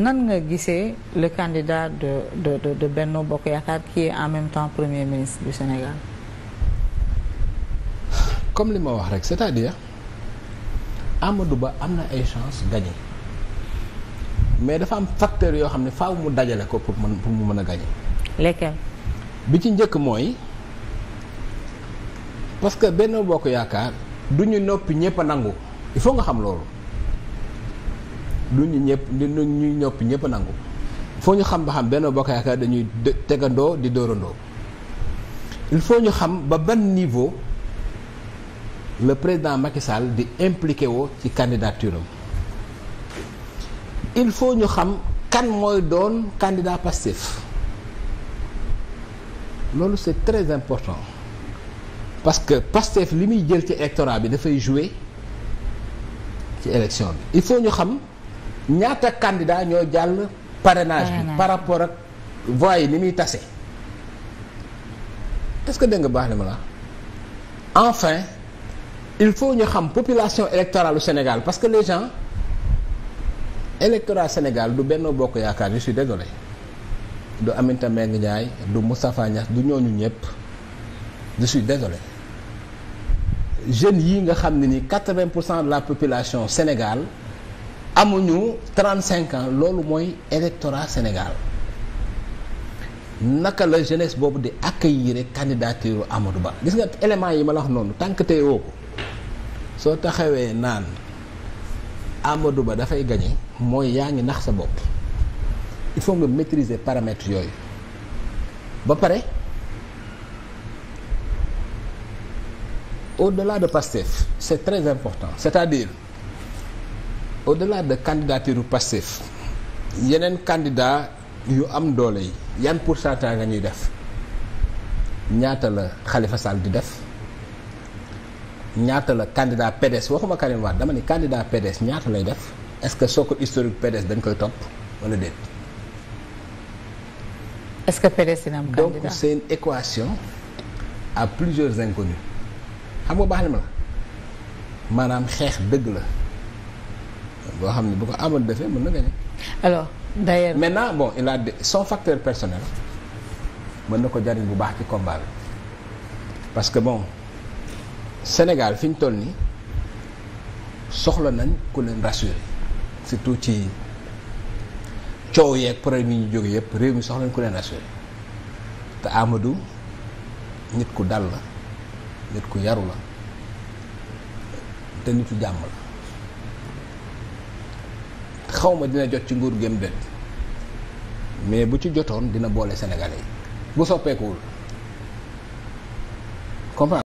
nan nga gisee le candidat de de de, de Benno Bokk Yaakaar qui est en même temps premier ministre du Sénégal. comme li ma wax rek cest à am Amadou Ba am na ay chance gagné mais dafa am facteur yoo xam ne faw mu dajale ko pour mën pour mu mën a gagné. lesquels. bi ci njëkk mooy parce que Benno Bokk Yaakaar du ñu noppi ñëpp a nangu il faut nga xam loolu. lu ñu ñëpp lu ñuy ñoppi ñëpp nangu foo ñu xam ba xam benn bokk yaakaar dañuy tegandoo di dóorandoo il faut ñu xam ba ban niveau le président Macky Sall di impliqué woo ci candidature am il faut ñu xam kan mooy doon candidat Pastef loolu c'est très important parce que Pastef li muy jël ci électorat bi dafay jouer ci élection bi il faut ñu xam ñaata candidat ñoo jàll parrainage bi par rapport ak voix yi ni muy tase est-ce que dégg nga baax li ma la enfin il faut ñu xam population électorale Sénégal parce que les gens électorat Sénégal du Benno Bokk Yaakaar je suis désolé du Aminata Mbengue Ndiaye du Moustapha Niass du ñooñu ñëpp je suis désolé jeunes yi nga xam ne ni 80 pour cent de la population Sénégal amuñu cinq ans loolu mooy électorat Sénégal naka la jeunesse boobu di accueillir candidature Amadou Ba gis nga éléments yi ma la wax noonu tant que tey ko soo taxawee naan Amadou Ba dafay gagné mooy yaa ngi nax sa bopp il faut nga maîtriser paramètres yooyu ba pare au-delà de Pastef c'est très important c'est-à-dire. au-delà de candidature Pastef yeneen candidat yu am doole yi yan pourcentage nga ñuy def ñaata la xalifa Sall di def ñaata la candidat PDS waxuma Karim Wade dama ni candidat PDS ñaata lay def est-ce que soo ko historique PDS dañ koy topp wala déet. est-ce que PDS dina am candidat donc c'est équation a plusieurs inconnus xam nga baax na ma la maanaam xeex dëgg la. boo xam ne bu ko Amadou defee mën na gagné. alors d'ailleurs maintenant bon il a son facteur personnel mën na ko jariñ bu baax ci combat bi parce que bon Sénégal fi ñu toll nii soxla nañ ku leen rassurer surtout ci coow yeeg problème yi ñu jóge yëpp réew mi soxla nañ ku leen rassurer te amadu nit ku dal la nit ku yaru la te nitu jàmm la. xaw ma dina jot ci nguur gém déet mais bu ci jotoon dina boole Sénégalais yi bu soppeekuwul comprendre